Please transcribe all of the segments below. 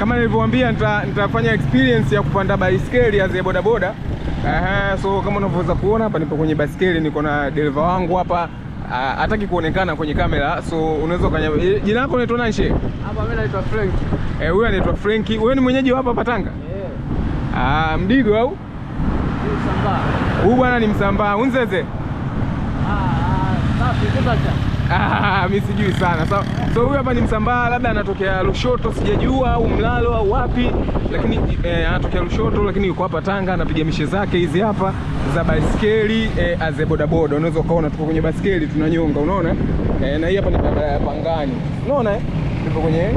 kama nilivyowaambia nitafanya experience ya kupanda baiskeli ya zile bodaboda. Aha, so kama unavyoweza kuona hapa nipo kwenye baiskeli, niko na dereva wangu hapa hataki kuonekana kwenye kamera, so unaweza kanya. E, jina lako unaitwa nani Hapa mimi naitwa Frank. Eh, huyu anaitwa Frank. Wewe ni mwenyeji hapa hapa Tanga? Yeah. Ah, Mdigo au? Msambaa. Huyu bwana ni Msambaa. Unzeze. Ah, ah safi, Ah, mi sijui sana. So so huyu hapa ni Msambaa, labda anatokea Lushoto, sijajua au Mlalo au wapi, lakini eh, anatokea Lushoto, lakini yuko hapa Tanga, anapiga mishe zake hizi hapa za baiskeli eh, aze bodaboda. Unaweza ukaona tuko kwenye baiskeli tunanyonga, unaona eh, na hii hapa ni barabara ya Pangani, unaona eh, tuko kwenye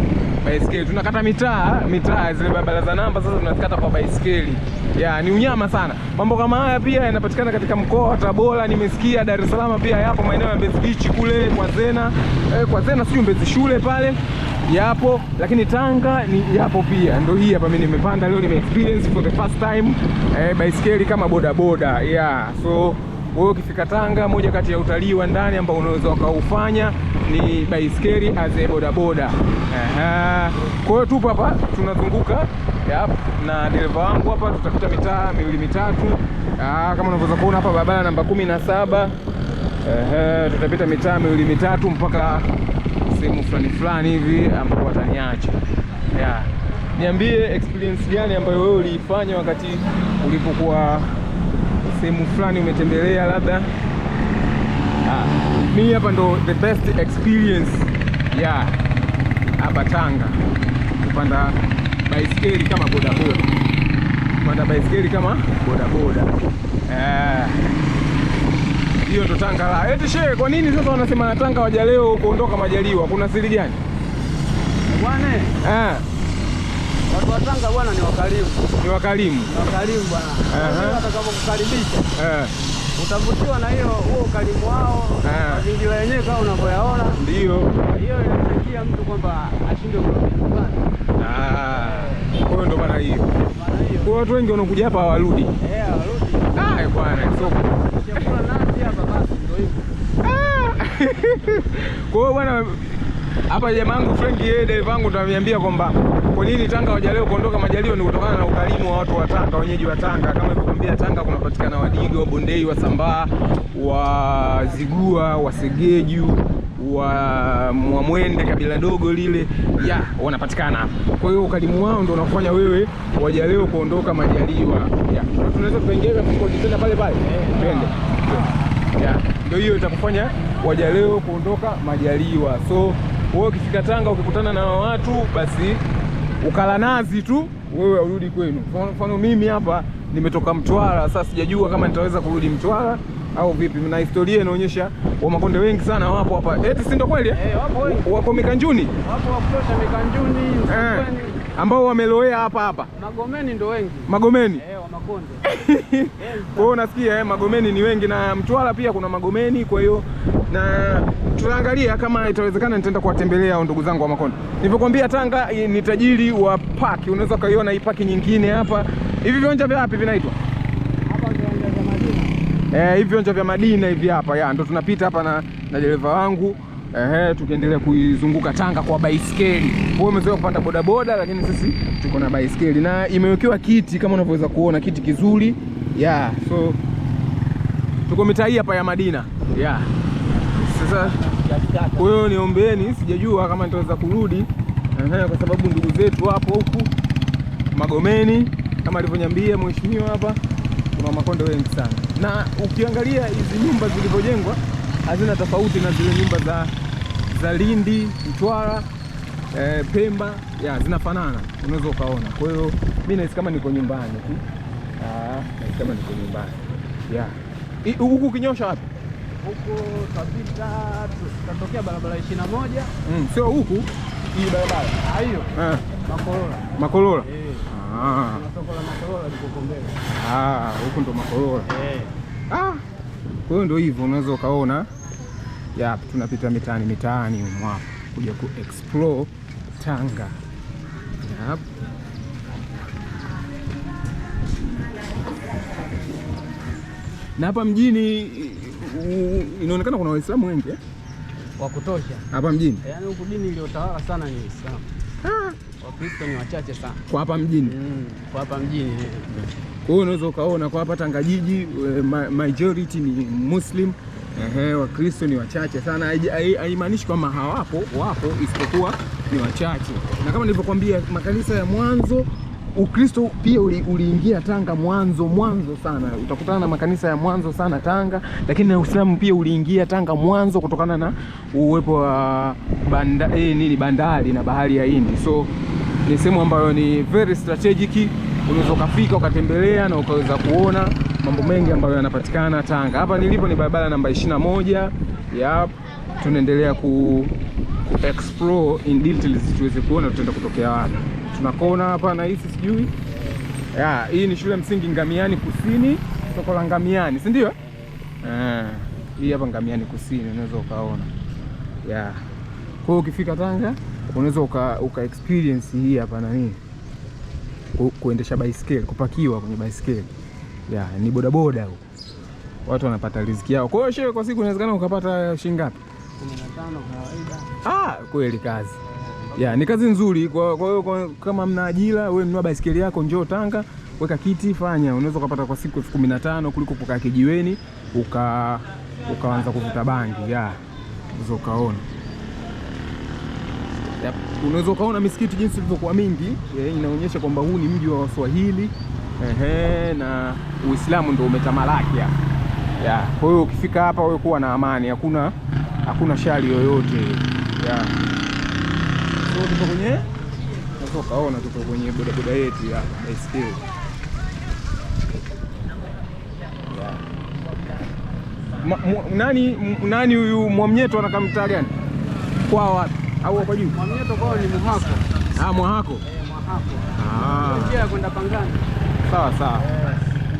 baiskeli. Tunakata mitaa mitaa, zile barabara za namba, sasa tunakata kwa baiskeli. Ya, ni unyama sana. Mambo kama haya pia yanapatikana katika mkoa wa Tabora, nimesikia Dar es Salaam pia yapo maeneo ya Mbezi Beach kule kwa Zena, eh, kwa Zena sio Mbezi shule pale yapo, lakini Tanga ni yapo pia. Ndio hii hapa mimi nimepanda leo, nime experience for the first time eh, baiskeli kama bodaboda. Yeah, so wewe ukifika Tanga, moja kati ya utalii wa ndani ambao unaweza ukaufanya ni baiskeli aze bodaboda. Kwa hiyo tupo hapa tunazunguka yep, na dereva wangu hapa, tutapita mitaa miwili mitatu. Aha, kama unavyoweza kuona hapa barabara namba kumi na saba. tutapita mitaa miwili mitatu mpaka sehemu fulani fulani hivi ambapo wataniacha yeah. Niambie experience gani ambayo wewe uliifanya wakati ulipokuwa sehemu fulani umetembelea labda. Ah, mimi hapa ndo the best experience ya hapa Tanga, kupanda baiskeli kama bodaboda, kupanda baiskeli kama bodaboda eh. Hiyo ndo Tanga la eti shehe. Kwa nini sasa wanasema na Tanga wajaleo kuondoka majaliwa? Kuna siri gani bwana? Eh. Watu wa Tanga bwana ni wakarimu. Ni wakarimu. Ni wakarimu bwana. Eh. Watakapokukaribisha. Eh. Utavutiwa na hiyo huo ukarimu wao. Eh. Uh -huh. Mazingira yenyewe kama unavyoyaona. Ndio. Hiyo inatakia mtu kwamba ashinde kwa kuondoka. Ah. Kwa hiyo ndo maana hiyo. Kwa hiyo. watu wengi wanokuja hapa hawarudi. Eh, hawarudi. Ah, bwana, sio. Chakula nasi hapa basi ndio hivyo. Ah. Kwa hiyo bwana hapa jamangu Frenki yeye dai vangu tunamwambia kwamba kwa nini Tanga hawajaleo kuondoka majaliwa ni kutokana na ukarimu wa watu wa Tanga, wenyeji wa Tanga. Kama nilivyokuambia, Tanga kunapatikana Wadigo, Wabondei, Wasambaa, Wazigua, Wasegeju, wa Mwamwende, kabila dogo lile ya wanapatikana hapa. Kwa hiyo ukarimu wao ndio unafanya wewe wajaleo kuondoka majaliwa. Tunaweza tukaingia tena pale pale, twende ndio hiyo itakufanya wajaleo kuondoka majaliwa so wewe ukifika Tanga ukikutana na watu basi ukala nazi tu, wewe urudi kwenu. Kwa mfano mimi hapa nimetoka Mtwara, sasa sijajua kama nitaweza kurudi Mtwara au vipi? Na historia inaonyesha Wamakonde wengi sana wapo hapa, eti si ndio kweli? Eh, eh wapo, Wako Mikanjuni, wapo wa kutosha Mikanjuni, eh, Msukweni ambao wameloea hapa hapa Magomeni, ndio wengi Magomeni. Eh, wa Makonde kwa hiyo nasikia eh, Magomeni ni wengi na Mtwara pia kuna Magomeni, kwa hiyo na tutaangalia kama itawezekana, nitaenda kuwatembelea ndugu zangu wa Makonde. Nilivyokuambia Tanga eh, ni tajiri wa paki, unaweza ukaiona hii park nyingine hapa. Hivi viwanja vya wapi vinaitwa? Eh, hivi viwanja vya Madina hivi hapa ya ndo tunapita hapa na, na dereva wangu ehe, tukiendelea kuizunguka Tanga kwa baisikeli. Wewe umezoea kupanda bodaboda, lakini sisi tuko na baisikeli na imewekewa kiti kama unavyoweza kuona, kiti kizuri yeah. So tuko mitaa hii hapa ya Madina yeah. Sasa kwa hiyo niombeeni, sijajua kama nitaweza kurudi ehe, kwa sababu ndugu zetu hapo huku Magomeni kama alivyoniambia mheshimiwa hapa kuna Makonde wengi sana na ukiangalia hizi nyumba zilivyojengwa hazina tofauti na zile nyumba za, za Lindi, Mtwara, e, Pemba ya zinafanana, unaweza ukaona. Kwa hiyo mimi nahisi kama niko nyumbani tu, ah, nahisi kama niko nyumbani ya huku. Ukinyosha wapi huku kabisa, tutatokea barabara 21 mm, sio huku hii barabara ah, hiyo ah. Makolola, Makolola. E. Eh soko la Makorola liko Kombela. Ah, huko ndo Makorola. Eh. Ah. Kwa hiyo ndo hivyo unaweza ukaona ya tunapita mitaani mitaani huko kuja ku explore Tanga. Yep. Na hapa mjini inaonekana kuna Waislamu wengi eh? Wa kutosha hapa mjini. Yaani huku dini iliyotawala sana ni Uislamu. Ah. Wakristo ni wachache sana kwa hapa mjini mm, kwa hapa mjini kwa eh. hiyo unaweza ukaona kwa hapa Tanga jiji eh, majority ni Muslim. Ehe, Wakristo ni wachache sana, haimaanishi kwamba hawapo, wapo, isipokuwa ni wachache. Na kama nilivyokuambia, makanisa ya mwanzo Ukristo pia uliingia uli Tanga mwanzo mwanzo sana, utakutana na makanisa ya mwanzo sana Tanga, lakini na Uislamu pia uliingia Tanga mwanzo kutokana na uwepo wa banda, eh, nini bandari na bahari ya Hindi so ni sehemu ambayo ni very strategic, unaweza ukafika ukatembelea na ukaweza kuona mambo mengi ambayo yanapatikana Tanga. Hapa nilipo ni barabara namba 21. Yep, tunaendelea ku, ku explore in details tuweze kuona tutaenda kutokea wapi. Tunakona hapa na hisi sijui ya, hii ni shule msingi Ngamiani Kusini, soko la Ngamiani, si ndio? Ah, hii hapa Ngamiani Kusini unaweza ukaona. Yeah. Kwa hiyo ukifika Tanga unaweza uka, uka experience hii hapa nani kuendesha baiskeli, kupakiwa kwenye baiskeli yeah, ni bodaboda huko watu wanapata riziki yao. Kwa hiyo shehe, kwa siku inawezekana ukapata shilingi ngapi? 15 kawaida. Ah, kweli kazi ya ni kazi nzuri. Kwa hiyo kama mna ajira, wewe mnua baisikeli yako, njoo Tanga, weka kiti, fanya, unaweza ukapata kwa siku elfu kumi na tano kuliko kukaa kijiweni uka ukaanza kuvuta bangi ya ukaona yep. Unaweza ukaona misikiti jinsi ilivyokuwa mingi yeah, inaonyesha kwamba huu ni mji wa Waswahili ehe, na Uislamu ndio umetamalaki hapa yeah. Kwa hiyo ukifika hapa wewe kuwa na amani, hakuna hakuna shari yoyote yeah. So tuko kwenye ukaona tuko kwenye bodaboda yetu ya baiskeli nani nani huyu mwamnyeto anakamtaa gani kwa wapi? au hapo juu? Mwamieto kwao ni Mwahako. Ah, Mwahako. Eh, Mwahako. Ah. Ndio kwenda Pangani. Sawa sawa.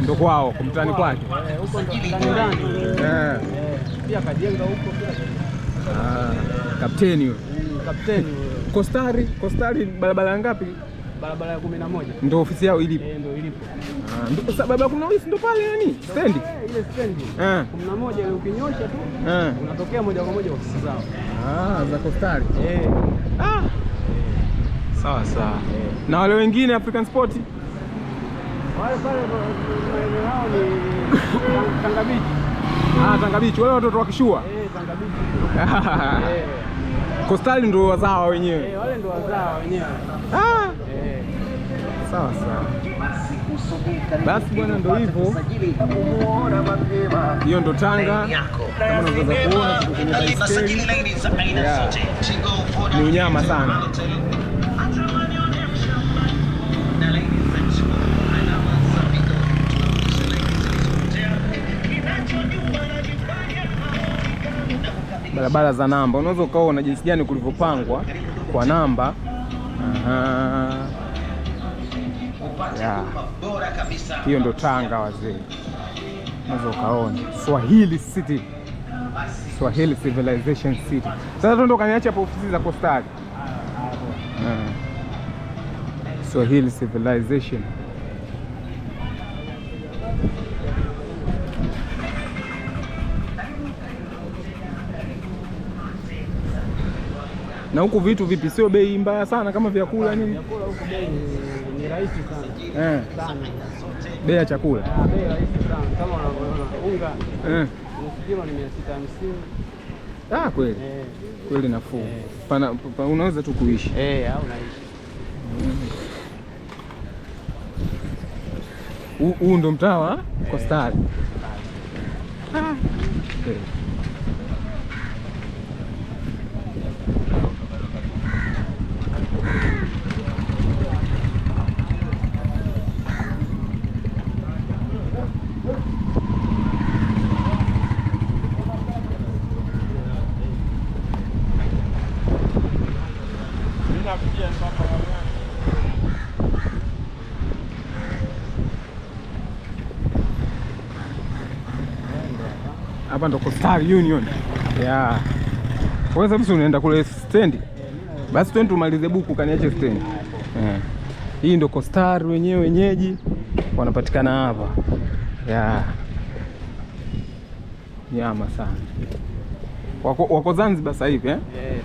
Ndio kwao, kumtani kwake. Eh, huko ndio ndani. Eh. eh. Pia kajenga huko pia. Ah, kapteni huyo. Mm, kapteni huyo. Kostari, Kostari barabara ngapi? barabara ya kumi na moja ndio ofisi yao ilipo. Eh, ndio ilipo. Ah, ndio sababu ya kumi ndio pale yani stendi. Eh, ile stendi. eh, Kumi na moja ile ukinyosha tu eh, unatokea moja kwa moja ofisi zao. Ah, za kostari Eh. Ah. Sawa sawa. Na wale wengine African Sport wale pale maeneo yao ni Tanga Ah, Tanga Wale watoto wa kishua Eh, Tanga Beach. Eh. ndio wazawa wenyewe. Eh, wale ndio wazawa wenyewe. Ah. Eh sawa sawa. Basi bwana, ndo hivyo, hiyo ndo Tanga kama kuona, ni unyama sana. Barabara za namba unaweza ukaona jinsi gani kulivyopangwa kwa namba. Aha. Hiyo ndo Tanga wazee, unaweza ukaona Swahili City, Swahili Civilization City. Sasa tu ndo kaniacha hapo ofisi za Coastal eh. Swahili Civilization na huku vitu vipi, sio bei mbaya sana kama vyakula yaani, nini? Vyakula huku bei ni rahisi sana. Eh. Sana. Bei ya chakula. Ah, Bei rahisi sana. Kama unavyoona unga. Eh. Kilo ni 650. Ah, kweli. Eh. Kweli nafuu. Eh. Pana pa, unaweza tu kuishi. Eh, au unaishi. Huu ndo mtaa wa eh. Costari. Ah. Okay. hapa ndo Coastal Union. Yeah. Wewe sasa unaenda kule stendi? Basi twende tumalize buku kaniache stendi. Yeah. Hii ndo Coastal wenyewe wenyeji wanapatikana hapa. Yeah. Nyama sana. Wako, wako Zanzibar sasa hivi eh? Yeah,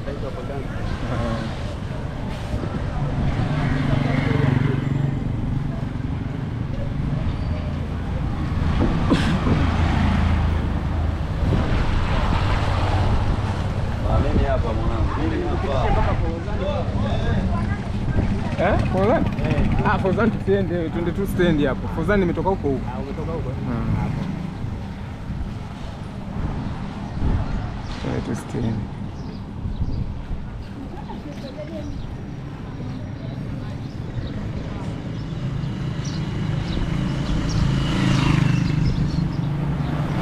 Ah, stand, tusiende, twende tu stendi hapo. Forzani nimetoka huko huko. Ah, umetoka huko? Mm. Ah. Hapo. Twende stand stendi.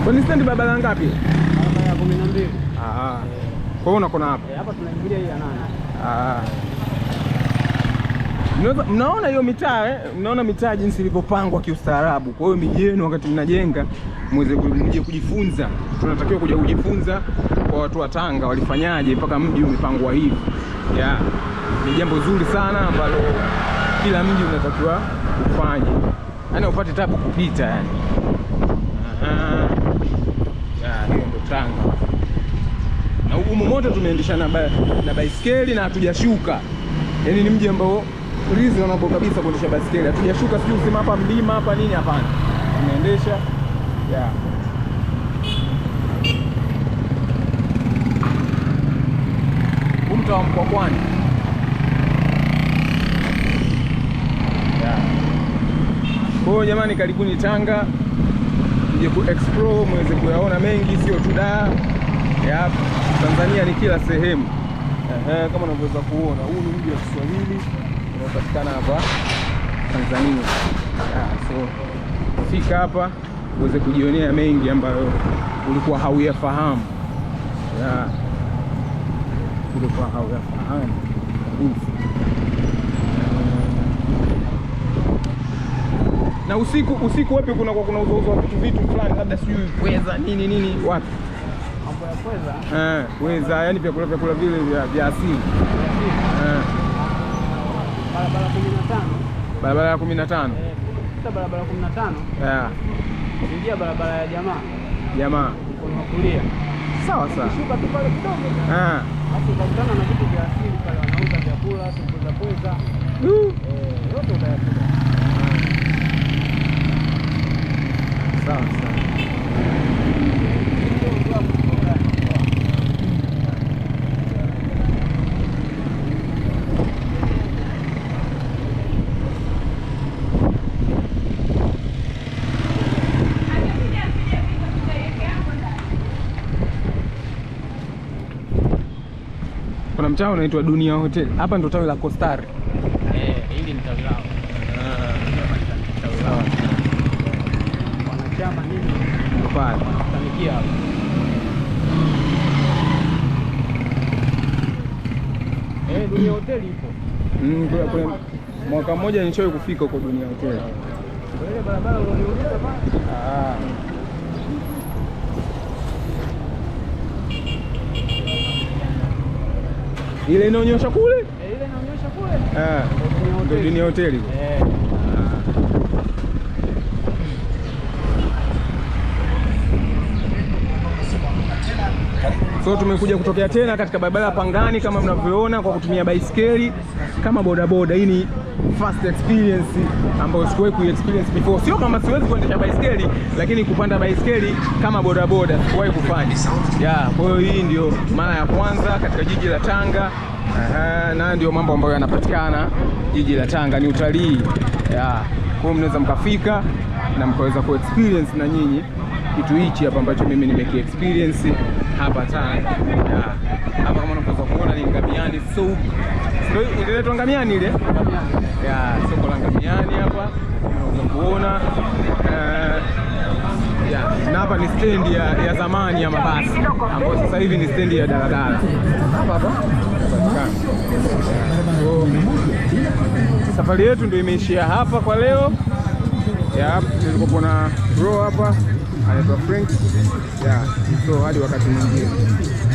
Kwani ngapi? ya 12. Ah, ah. Kwa hiyo unakona hapa? Eh, hapa tunaingilia hii ya nane. Ah. Mnaona hiyo mitaa eh? Mnaona mitaa jinsi ilivyopangwa kiustaarabu. Kwa hiyo miji yenu wakati mnajenga mweze mje kujifunza, tunatakiwa kuja kujifunza kwa watu wa Tanga walifanyaje mpaka mji umepangwa hivi yeah. Ni jambo zuri sana ambalo kila mji unatakiwa ufanye, yaani upate tabu kupita yani. Hiyo ndo Tanga na ugumu moto, tumeendesha na baiskeli na hatujashuka, yaani ni mji ambao reasonable kabisa kuendesha baskeli Hatujashuka sijui usema hapa mlima hapa nini, hapana, tunaendesha yeah. Umta wa Mkwakwani Kwa hiyo jamani, karibuni Tanga mje ku explore mweze kuyaona mengi, sio tu Dar Tanzania ni kila sehemu. Ehe, kama unavyoweza kuona huu ni mji wa Kiswahili unaopatikana hapa Tanzania. Yeah, so fika hapa uweze kujionea mengi ambayo ulikuwa hauyafahamu, yeah, ulikuwa hauyafahamu kabisa. na usiku usiku wapi kuna kwa kuna uzo wa vitu vitu fulani labda sijui pweza nini nini wapi mambo ya pweza eh pweza yani vyakula vyakula vile vya asili barabara kumi na tano barabara ya kumi na tano sasa eh, barabara kumi na tano yeah. ingia barabara ya jamaa jamaa mkono wa kulia sawa sawa, shuka tu pale kidogo ah, basi utakutana na vitu vya asili pale, wanauza vyakula sikuza pweza eh, yote utayakuta sawa sawa. kuna mtaa unaitwa Dunia Hotel. Hapa ndo tawi la Costar. Eh, hili ni tawi lao. Wanachama nini? Pale. Wanafanikia hapa. Eh, Dunia Hotel ipo. Mm, kuna kuna mwaka mmoja nilichowahi kufika huko Dunia Hotel. Ile barabara ulioniuliza pale? Ah. ile inaonyesha kule, eh, ile inaonyesha kule, eh, ndio ni hoteli. eh. So tumekuja kutokea tena katika barabara ya Pangani kama mnavyoona, kwa kutumia baisikeli kama bodaboda. Hii ni first experience ambayo sikuwahi ku experience before. Sio kama siwezi kuendesha baisikeli, lakini kupanda baisikeli kama bodaboda sikuwahi kufanya. Yeah, kwa hiyo hii ndio mara ya kwanza katika jiji la Tanga. Aha, na ndio mambo ambayo yanapatikana jiji la Tanga ni utalii. Yeah. Kwa hiyo mnaweza mkafika na mkaweza ku experience na nyinyi kitu hichi hapa ambacho mimi nimeki experience hapa Tanga. Hapa kama unaweza kuona ni Ngamiani Souq. Ndio inaitwa Ngamiani ile? Ya, soko la Ngamiani hapa unaweza kuona eh, na hapa ni stendi ya, ya zamani ya mabasi ambayo sasa hivi ni stendi ya daladala hapa hapa. Safari yetu ndio imeishia hapa kwa leo. Tulikuwa na bro hapa anaitwa Frank so hadi wakati mwingine.